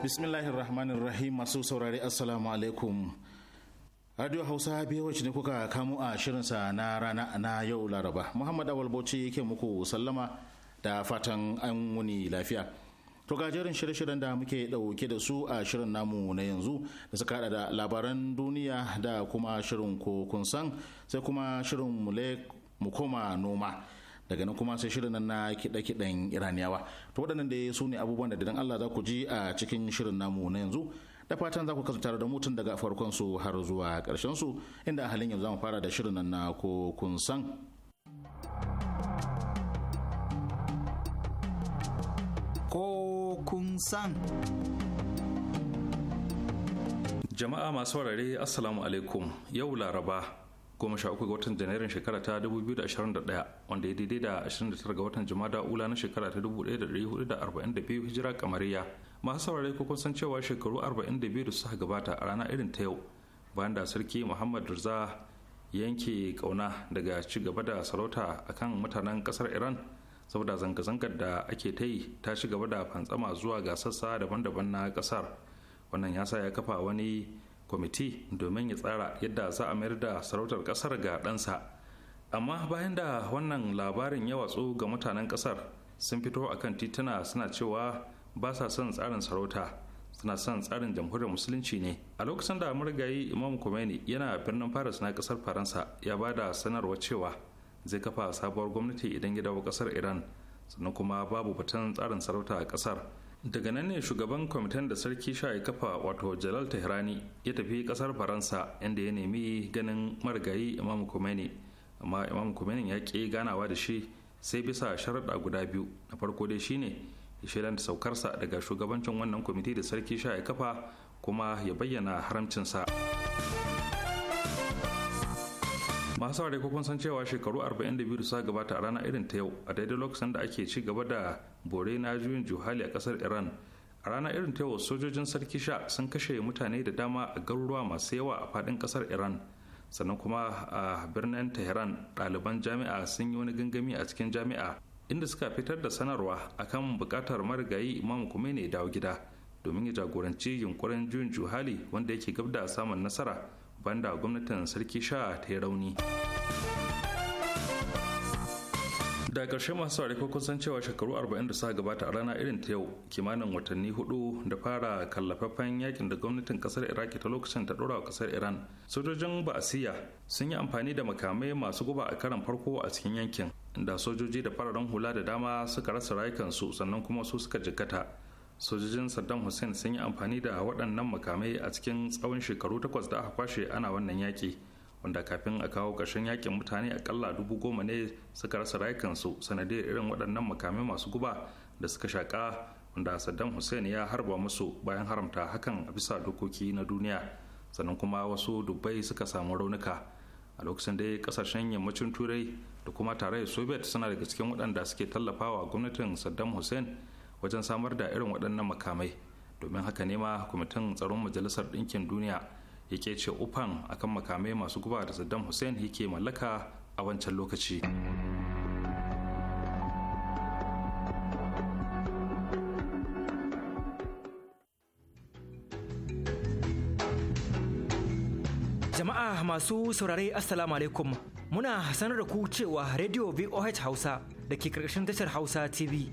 bismillahir rahmanir rahim masu saurari assalamu alaikum radio hausa wacce ne kuka kamo a shirinsa na rana na yau laraba muhammad awal bauchi yake muku sallama da fatan an wuni lafiya to gajeren shirye-shiryen da muke dauke da su a shirin namu na yanzu da suka hada da labaran duniya da kuma shirin ko kun san sai kuma shirin mu koma noma daga nan kuma sai shirin nan na kiɗe-kiɗen iraniyawa to waɗannan da su ne abubuwan da idan allah za ku ji a cikin shirin namu na yanzu da fatan za ku kasance tare da mutum daga farkon su har zuwa ƙarshen su inda a halin yanzu za mu fara da shirin nan na ko kun san ko kun san jama'a masu warare assalamu alaikum yau laraba goma sha uku ga watan janairun shekara ta 2021 wanda ya daidai da tara ga watan jama'a ula na shekara ta biyu hijira kamariya masu saurare ko san cewa shekaru 42 da suka gabata a rana irin ta yau bayan da sarki muhammad rza yanke kauna daga ci gaba da sarauta akan mutanen kasar iran saboda zanga-zangar da ake ta yi ta ci gaba da fantsama zuwa ga sassa daban-daban na kasar wannan ya sa ya kafa wani kwamiti domin ya tsara yadda za a mayar da sarautar kasar ga ɗansa amma bayan da wannan labarin ya watsu ga mutanen kasar sun fito a kan tituna suna cewa ba sa son tsarin sarauta suna son tsarin jamhuriyar musulunci ne a lokacin da murgayi imam Khomeini yana birnin paris na kasar faransa ya ba da sanarwa cewa zai kafa sabuwar gwamnati idan ya dawo kasar iran sannan kuma babu batun tsarin sarauta a kasar daga nan ne shugaban kwamitin da sarki sha kafa wato jalal tehrani ya tafi kasar faransa inda ya nemi ganin marigayi imam kumeni amma imam kumeni ya ƙi ganawa da shi sai bisa sharaɗa guda biyu na farko dai shine ya da saukarsa daga shugabancin wannan kwamiti da sarki sha kafa kuma ya bayyana haramcinsa. masu saurare kun san cewa shekaru 42 suka gabata a rana irin ta yau a daidai lokacin da ake ci gaba da bore na juyin juhali a kasar iran a rana irin ta yau sojojin sarki sha sun kashe mutane da dama a garuruwa masu yawa a fadin kasar iran sannan kuma a birnin tehran ɗaliban jami'a sun yi wani gangami a cikin jami'a inda suka fitar da sanarwa akan bukatar marigayi imam kuma ne dawo gida domin ya jagoranci yunkurin juyin juhali wanda yake gabda da samun nasara banda gwamnatin sarki sha ta yi rauni da ƙarshe masu saurari ko kun cewa shekaru 40 da suka gabata a rana irin ta yau kimanin watanni hudu da fara kallafaffen yakin da gwamnatin kasar iraki ta lokacin ta dora wa kasar iran sojojin ba'asiyya sun yi amfani da makamai masu guba a karan farko a cikin yankin da sojoji da fararen hula da dama suka rasa rayukansu sannan kuma su suka jikkata sojojin saddam hussein sun yi amfani da waɗannan makamai a cikin tsawon shekaru takwas da aka kwashe ana wannan yaƙi wanda kafin a kawo ƙarshen yakin mutane akalla dubu goma ne suka rasa rayukansu sanadiyar irin waɗannan makamai masu guba da suka shaƙa wanda saddam hussein ya harba musu bayan haramta hakan a bisa dokoki na duniya sannan kuma wasu dubbai suka samu raunuka a lokacin da kasashen yammacin turai da kuma tarayyar soviet suna daga cikin waɗanda suke tallafawa gwamnatin saddam hussein wajen samar da irin waɗannan makamai domin haka ne ma kwamitin tsaron majalisar ɗinkin duniya ya ke ce ufan akan makamai masu guba da saddam hussein yake mallaka a wancan lokaci jama'a masu saurare assalamu alaikum muna sanar da ku cewa radio voh hausa da ke karkashin tashar hausa tv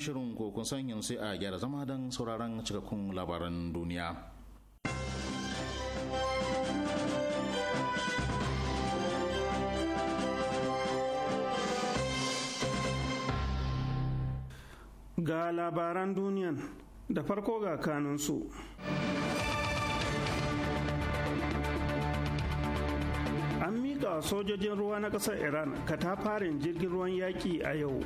shirin san yin sai a gyara zama don sauraron cikakkun labaran duniya. Ga labaran duniyan da farko ga kanunsu. An miƙa sojojin ruwa na ƙasar Iran katafarin jirgin ruwan yaƙi a yau.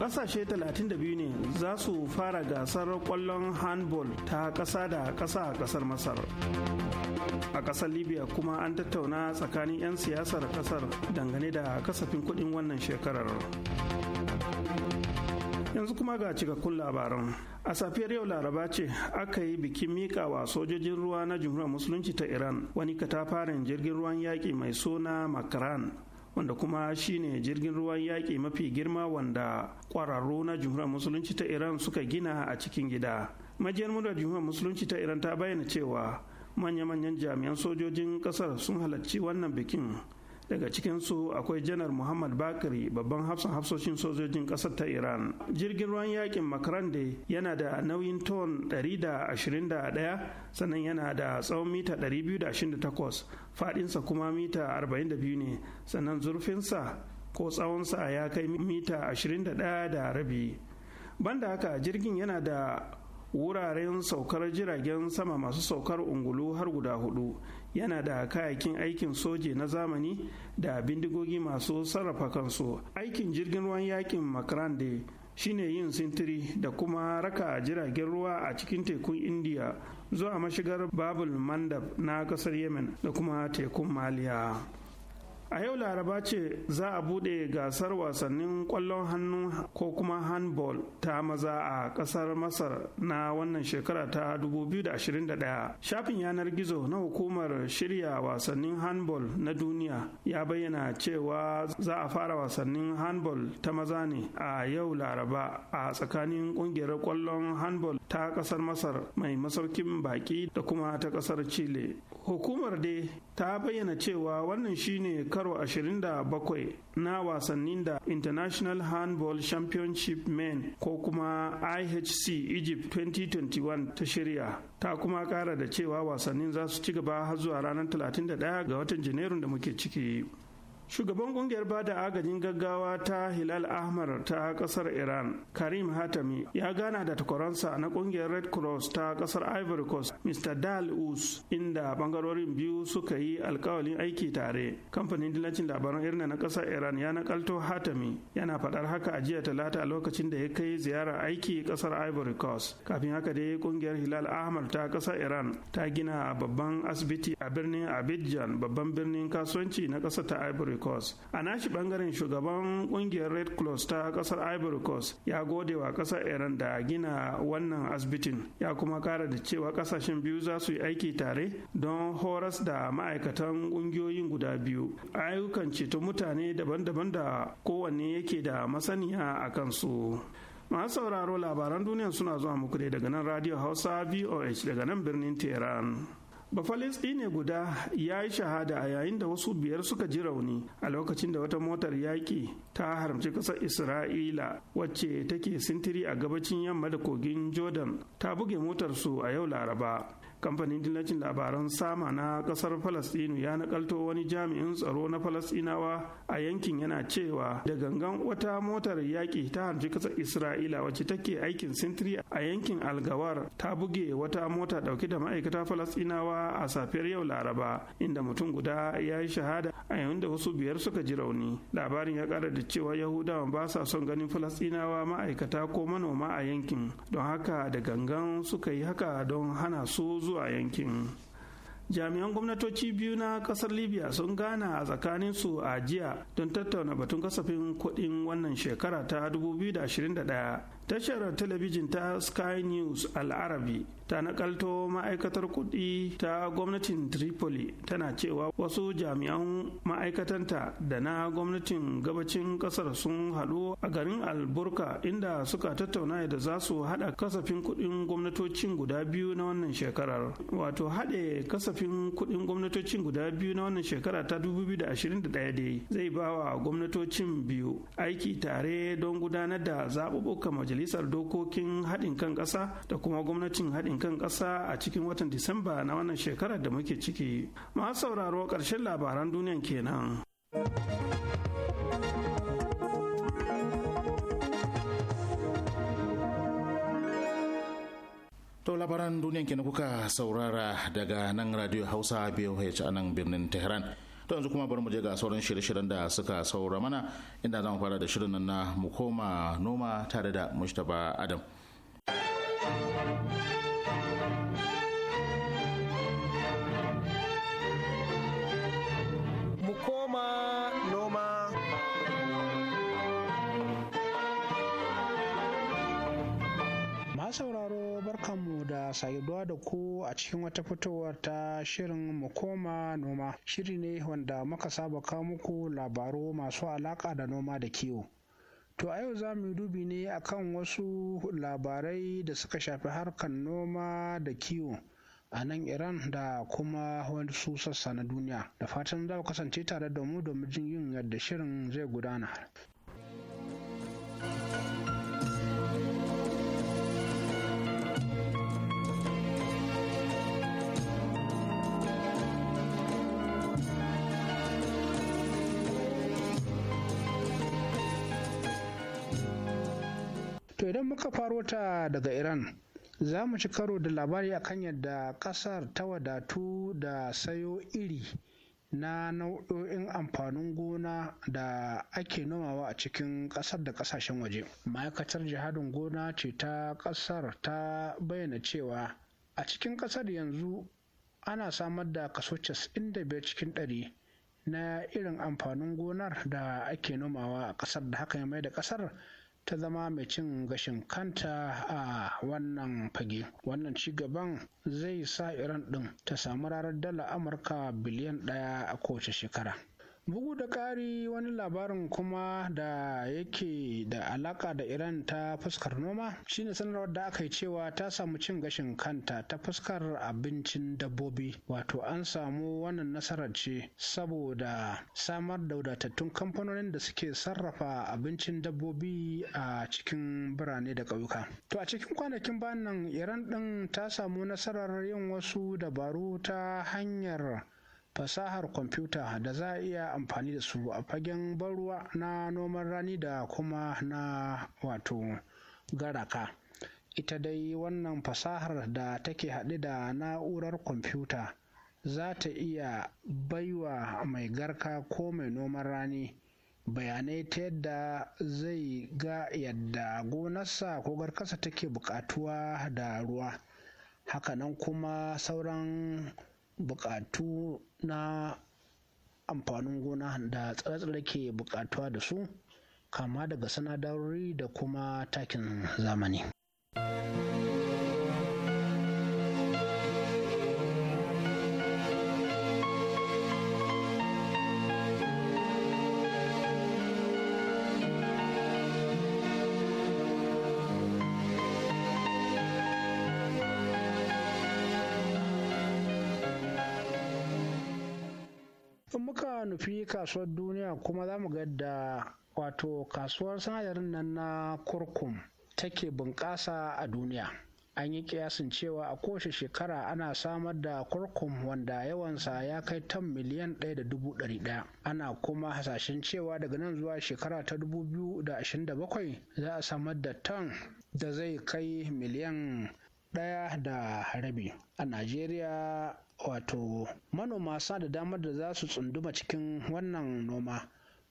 kasashe 32 ne za su fara gasar kwallon handball ta kasa da kasa a kasar masar a kasar libya kuma an tattauna tsakanin 'yan siyasar kasar dangane da kasafin kudin wannan shekarar yanzu kuma ga cikakkun labaran a safiyar yau laraba ce aka yi bikin mikawa sojojin ruwa na jumhuriyar musulunci ta iran wani katafaren jirgin ruwan yaƙi mai suna makaran wanda kuma shine jirgin ruwan yaƙi mafi girma wanda ƙwararru na jumhuriyar musulunci ta iran suka gina a cikin gida majiyar murar jumhuriyar musulunci ta iran ta bayyana cewa manya-manyan jami'an sojojin ƙasar sun halarci wannan bikin daga cikin su akwai janar muhammad bakari babban hafsan hafsoshin sojojin kasar ta iran jirgin ruwan yakin makarande yana da nauyin ton 121 sannan yana da tsawon mita 228 faɗinsa kuma mita 42 ne sannan zurfinsa ko tsawonsa ya kai mita 21 da rabi banda haka jirgin yana da wuraren saukar jiragen sama masu saukar ungulu har guda hudu yana da kayakin aikin soje na zamani da bindigogi masu sarrafa kansu aikin jirgin ruwan yakin makrande shine yin sintiri da kuma raka jiragen ruwa a cikin tekun indiya zuwa mashigar babul mandab na kasar yemen da kuma tekun maliya a yau laraba ce za a bude gasar wasannin kwallon hannu ko kuma handball ta maza a kasar masar na wannan shekara ta 2021 shafin yanar gizo na hukumar shirya wasannin handball na duniya ya bayyana cewa za a fara wasannin handball ta maza ne a yau laraba a tsakanin ƙungiyar kwallon handball ta kasar masar mai masaukin baki da kuma ta kasar chile hukumar dai ta bayyana cewa wannan shine karo 27 na wasannin da international handball championship men ko kuma ihc egypt 2021 ta shirya ta kuma kara da cewa wasannin za su ci gaba har zuwa ranar 31 ga watan janairun da muke ciki shugaban kungiyar bada agajin gaggawa ta hilal ahmar ta kasar iran karim hatami ya gana da takwaransa na kungiyar red cross ta kasar ivory coast mr dal us inda bangarorin biyu suka yi alkawalin aiki tare kamfanin dillacin labaran irna na kasar iran ya nakalto hatami yana faɗar haka a jiya talata a lokacin da ya kai ziyara aiki kasar ivory coast kafin haka dai kungiyar hilal ahmar ta kasar iran ta gina babban asibiti a birnin abidjan babban birnin kasuwanci na kasar ta ivory Coast. A nashi bangaren shugaban kungiyar Red Cross ta kasar Ivory Coast ya gode wa kasar Iran da gina wannan asibitin ya kuma kara da cewa kasashen biyu za su yi aiki tare don horas da ma'aikatan kungiyoyin guda biyu ayyukan ceto mutane daban-daban da kowanne yake da masaniya a kansu. masu sauraro labaran duniya suna zuwa muku daga nan radio hausa voh daga nan birnin tehran bafalistini guda ya yi shahada a yayin da wasu biyar suka ji rauni a lokacin da wata motar yaƙi ta haramci ƙasar Isra'ila wacce take sintiri a gabacin yamma da kogin Jordan ta buge motarsu a yau Laraba. kamfanin dillacin labaran sama na kasar falastinu ya nakalto wani jami'in tsaro na falastinawa a yankin yana cewa da gangan wata motar yaƙi ta hanci kasar isra'ila wacce take aikin sintiri a yankin algawar ta buge wata mota ɗauke da ma'aikata falastinawa a safiyar yau laraba inda mutum guda ya yi shahada a yayin da wasu biyar suka ji rauni labarin ya ƙara da cewa Yahudawa ba sa son ganin falastinawa ma'aikata ko manoma a yankin don haka da gangan suka yi haka don hana su zuwa yankin jami'an gwamnatoci biyu na kasar libya sun gana a tsakanin su a jiya don tattauna batun kasafin kuɗin wannan shekara ta 2021 tashar talabijin ta sky news al'arabi ta nakalto ma'aikatar kudi ta gwamnatin tripoli tana cewa wasu jami'an ma'aikatanta da na gwamnatin gabacin kasar sun haɗu a garin alburka inda suka tattauna da za su haɗa kasafin kudin gwamnatocin guda biyu na wannan shekarar wato haɗe kasafin kudin gwamnatocin guda biyu na wannan shekara ta 2021 dai zai bawa wa gwamnatocin biyu aiki tare don gudanar da zaɓuɓɓukan majalisar majalisar dokokin haɗin kan ƙasa da kuma gwamnatin haɗin kan ƙasa a cikin watan disamba na wannan shekarar da muke ciki masu sauraro ƙarshen labaran duniyan kenan. To labaran duniyan kenan kuka saurara daga nan Radio Hausa BOH a nan birnin Tehran. to yanzu kuma bari mu je ga sauran shirye-shiryen da suka saura mana inda zamu fara da shirin nan na mu koma noma tare da mustapha adam saduwa da ku a cikin wata fitowar ta shirin mu koma noma. Shiri ne wanda muka saba kawo muku labaru masu alaƙa da noma da kiwo. To a yau za mu yi dubi ne akan wasu labarai da suka shafi harkar noma da kiwo a nan Iran da kuma wasu sassa na duniya. Da fatan za ku kasance tare da mu domin jin yin yadda shirin zai gudana. muka faro ta daga Iran, za mu ci karo da labari akan yadda ƙasar ta wadatu da sayo iri na nau'o'in amfanin gona da ake nomawa a cikin ƙasar da ƙasashen waje. Ma'aikatar jihadin gona ce ta ƙasar ta bayyana cewa a cikin ƙasar yanzu ana samar da kaso 95 cikin ɗari. na irin amfanin gonar da ake nomawa a ƙasar da haka ya mai da ƙasar ta zama mai cin gashin kanta a wannan fage wannan ci gaban zai sa iran din ta samu rarar dala amurka biliyan ɗaya a kowace shekara bugu da ƙari wani labarin kuma da yake da alaƙa da iran ta fuskar noma shine sanarwar da aka yi cewa ta samu cin gashin kanta ta fuskar abincin dabbobi wato an samu wannan nasarar ce saboda samar da wadatattun kamfanonin da suke sarrafa abincin dabbobi a cikin birane da ƙauyuka to a cikin kwanakin bayan iran ɗin ta samu nasarar yin wasu dabaru ta hanyar fasahar kwamfuta da za a iya amfani da su a fagen ban ruwa na noman rani da kuma na wato garaka ita dai wannan fasahar da take haɗe da na'urar kwamfuta za ta iya baiwa mai garka ko mai noman rani bayanai ta yadda zai ga yadda gonarsa ko garkarsa take buƙatuwa da ruwa hakanan kuma sauran buƙatu na amfanin gona da tsare-tsare ke buƙatuwa da su kama daga sanadarori da kuma takin zamani. nufi kasuwar duniya kuma za mu ga da wato kasuwar sinadarin nan na kurkum take bunƙasa a duniya an yi ƙiyasin cewa a kowace shekara ana samar da kurkum wanda yawansa ya kai tan miliyan ɗaya da dubu ɗari ɗaya ana kuma hasashen cewa daga nan zuwa shekara ta dubu biyu da ashirin da bakwai za a samar da tan da zai kai miliyan ɗaya da rabi a najeriya wato manoma suna da damar da za su tsunduma cikin wannan noma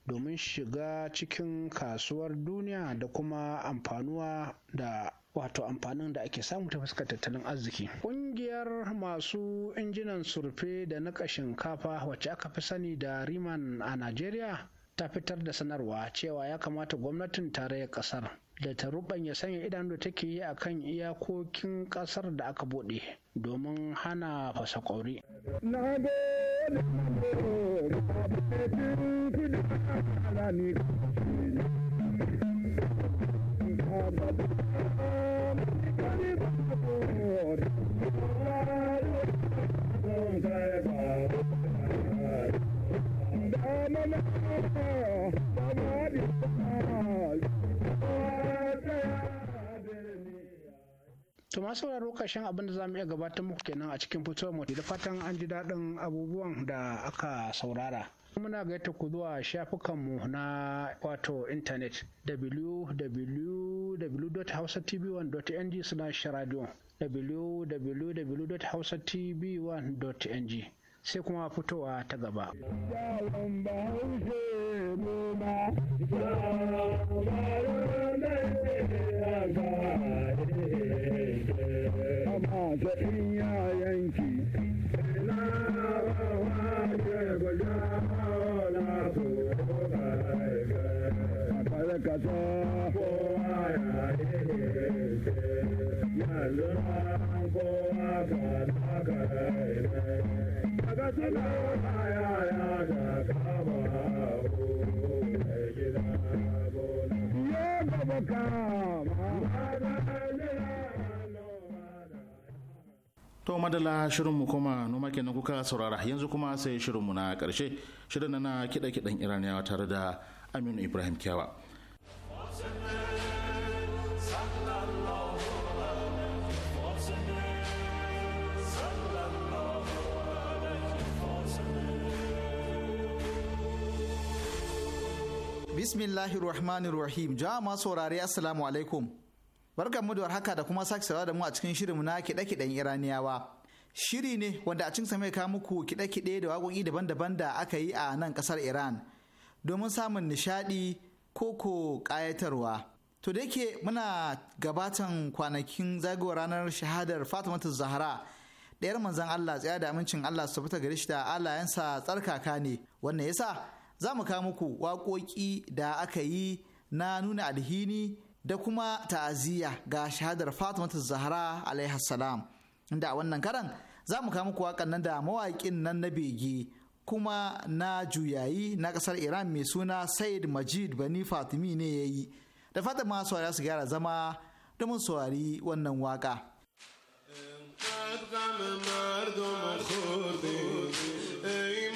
domin shiga cikin kasuwar duniya da kuma amfanuwa da wato amfanin da ake samu ta fuskar tattalin arziki. Ƙungiyar masu injinan surfe da niƙa shinkafa wacce aka fi sani da Riman a Najeriya ta fitar da sanarwa cewa ya kamata gwamnatin tarayyar kasar da ta rubanya sanya idanu da take yi a kan iyakokin kasar da aka bude, domin hana fasakori. Na masu sauraro ƙarshen abin da za iya gabatar muku kenan a cikin fitowar mu da fatan an ji daɗin abubuwan da aka saurara. muna gaita ku zuwa shafukanmu na wato intanet www.hausatv1.ng slash radio www.hausatv1.ng sai kuma fitowa ta gaba. 马背人家养鸡，拉拉娃娃养牛，拉猪养那巴扎的歌手呀跑，唱的歌儿跑呀跑，唱的歌儿呀跑，唱 To madala shirinmu kuma noma kenan kuka saurara yanzu kuma sai shirinmu na karshe shirin na kiɗa-kiɗan iraniyawa tare da Aminu Ibrahim Kyawa. Bismillahirrahmanirrahim. Jama'a saurari saurare Assalamu alaikum. barkan mu da warhaka da kuma sake saurara da mu a cikin shirinmu na kiɗe-kiɗen iraniyawa shiri ne wanda a cikin mai kawo muku kiɗe-kiɗe da waƙoƙi daban-daban da aka yi a nan ƙasar iran domin samun nishaɗi ko ko ƙayatarwa to da yake muna gabatan kwanakin zagayowar ranar shahadar fatimatu zahara ɗayar manzan allah tsaya da amincin allah su fita gare shi da alayensa tsarkaka ne wannan yasa za mu kawo muku waƙoƙi da aka yi na nuna alhini da kuma ta'aziyya ga shahadar Fatima Zahra alaiha salam. Inda a wannan karan za mu kawo muku wakan nan da mawaƙin nan na bege kuma na juyayi na ƙasar Iran mai suna Said Majid Bani Fatimi ne ya yi. Da fatan masu su gyara zama domin suwari wannan waka. مردم خوردی ای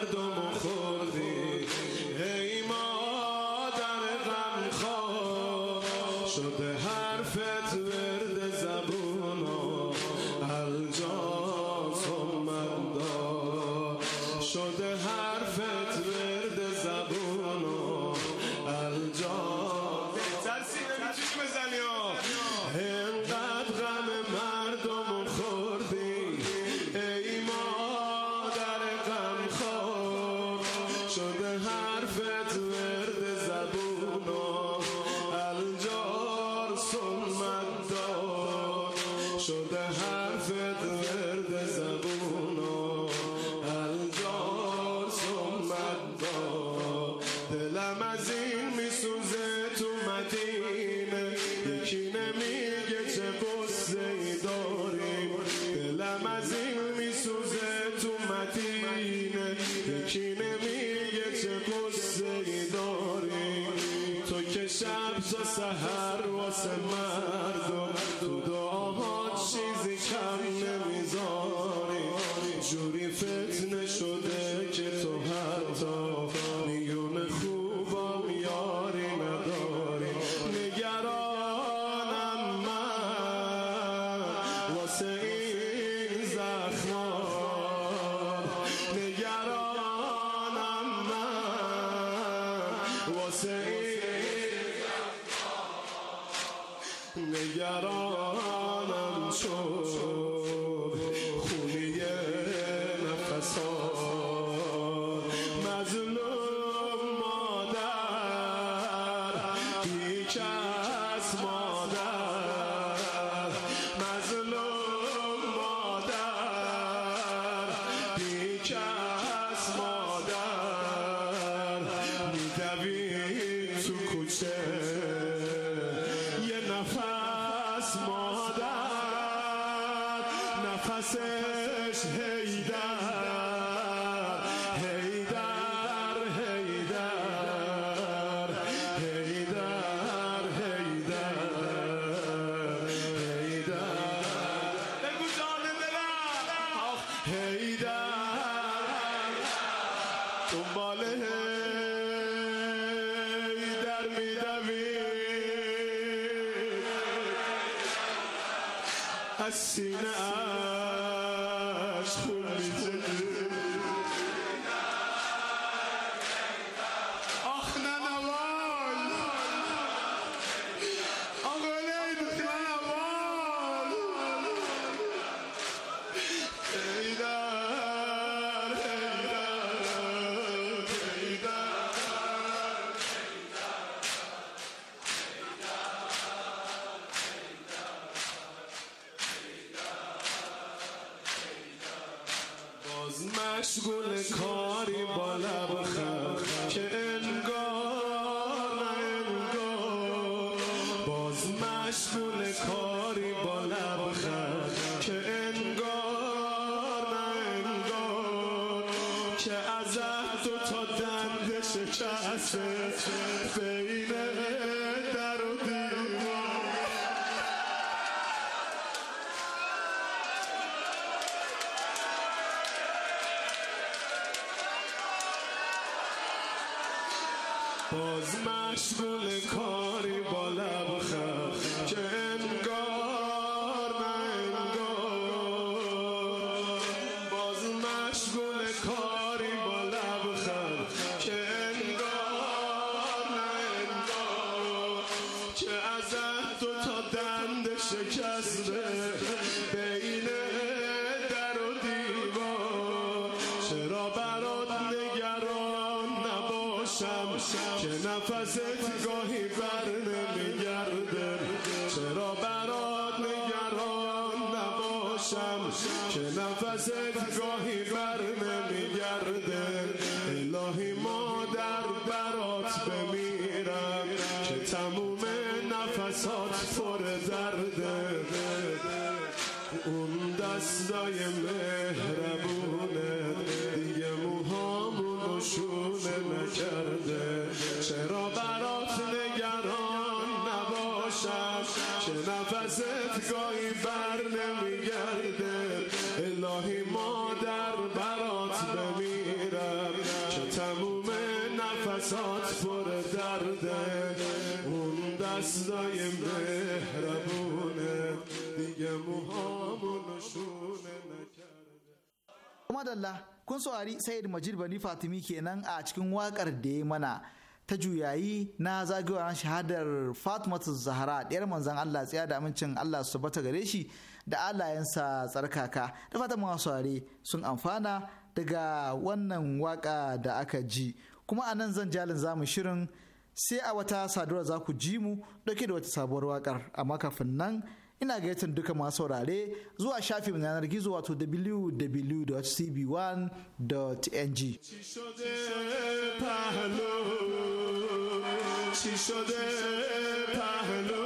مردم و خود سهر وسماء Father. باز مشغول کاری با لبخند که انگار دستای مهربونه دیگه موهامون رو شونه نکرده چرا برات نگران نباشم چه نفست گاهی madalla kun saurari Sayyid Majid Bani Fatimi kenan a cikin wakar da ya mana ta juyayi na zagayowar shahadar Fatimatu Zahra ɗiyar manzan Allah tsaya da amincin Allah su bata gare shi da alayensa tsarkaka da fata masu sun amfana daga wannan waka da aka ji kuma a nan zan jalin zamu shirin sai a wata saduwa za ku ji mu ɗauke da wata sabuwar wakar amma kafin nan ina gayyatar duka masu saurare zuwa shafin yanar gizo wato www.cb1.ng چی شده پهلو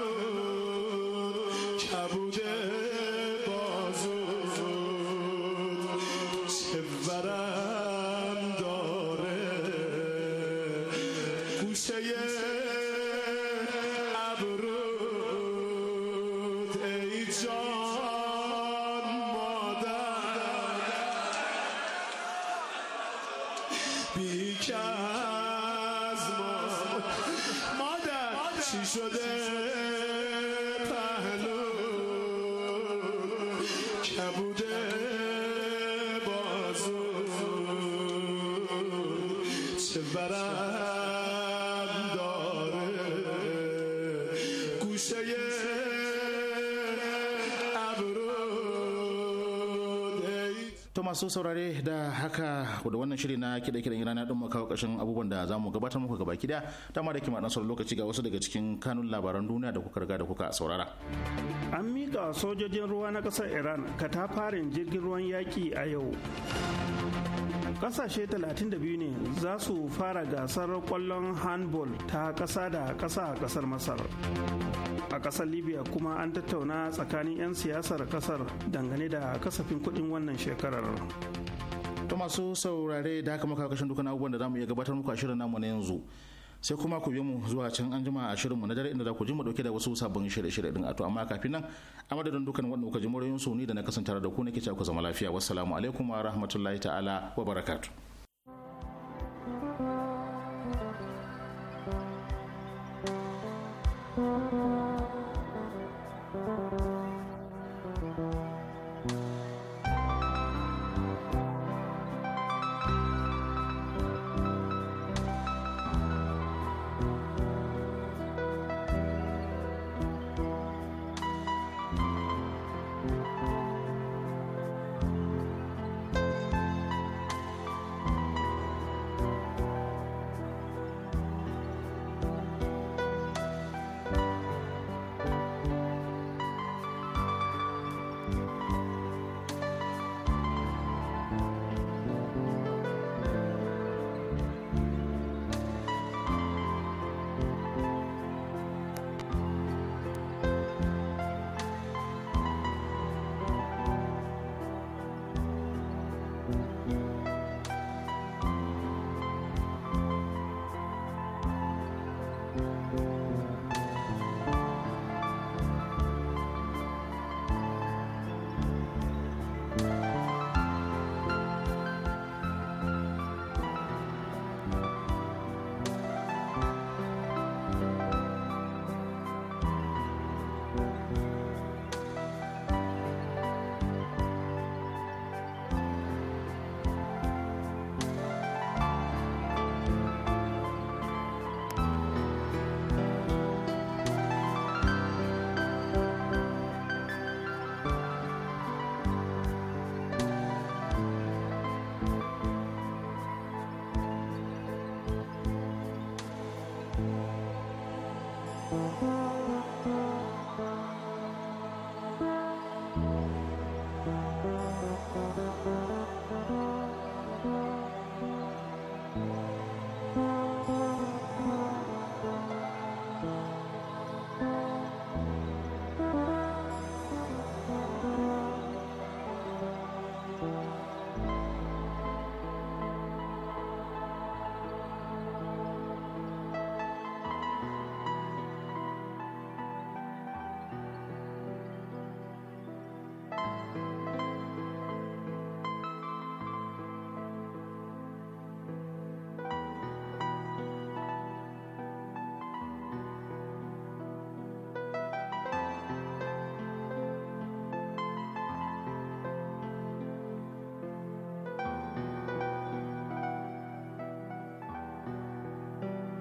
masu saurare da haka da wannan shiri na kiɗa kiɗan irana din mu kawo ƙarshen abubuwan da za mu gabatar muku gaba ki ta ma da kima sauran lokaci ga wasu daga cikin kanun labaran duniya da kuka riga da kuka saurara an miƙa sojojin ruwa na ƙasar iran katafarin jirgin ruwan yaƙi a yau kasashe 32 ne za su fara gasar kwallon handball ta kasa da kasa a kasar masar a kasar libya kuma an tattauna tsakanin 'yan siyasar kasar dangane da kasafin kudin wannan shekarar to masu saurare da haka muka kashin dukkan abubuwan da za mu iya gabatar muku a shirin namu na yanzu sai kuma ku bi mu zuwa can an jima a shirinmu na dare inda za ku ji mu dauke da wasu sabbin shirye-shirye din ato amma kafin nan a madadin dukkan wanda kuka ji murayen su ni da na kasance da ku nake cewa ku zama lafiya wassalamu alaikum wa rahmatullahi ta'ala wa barakatuh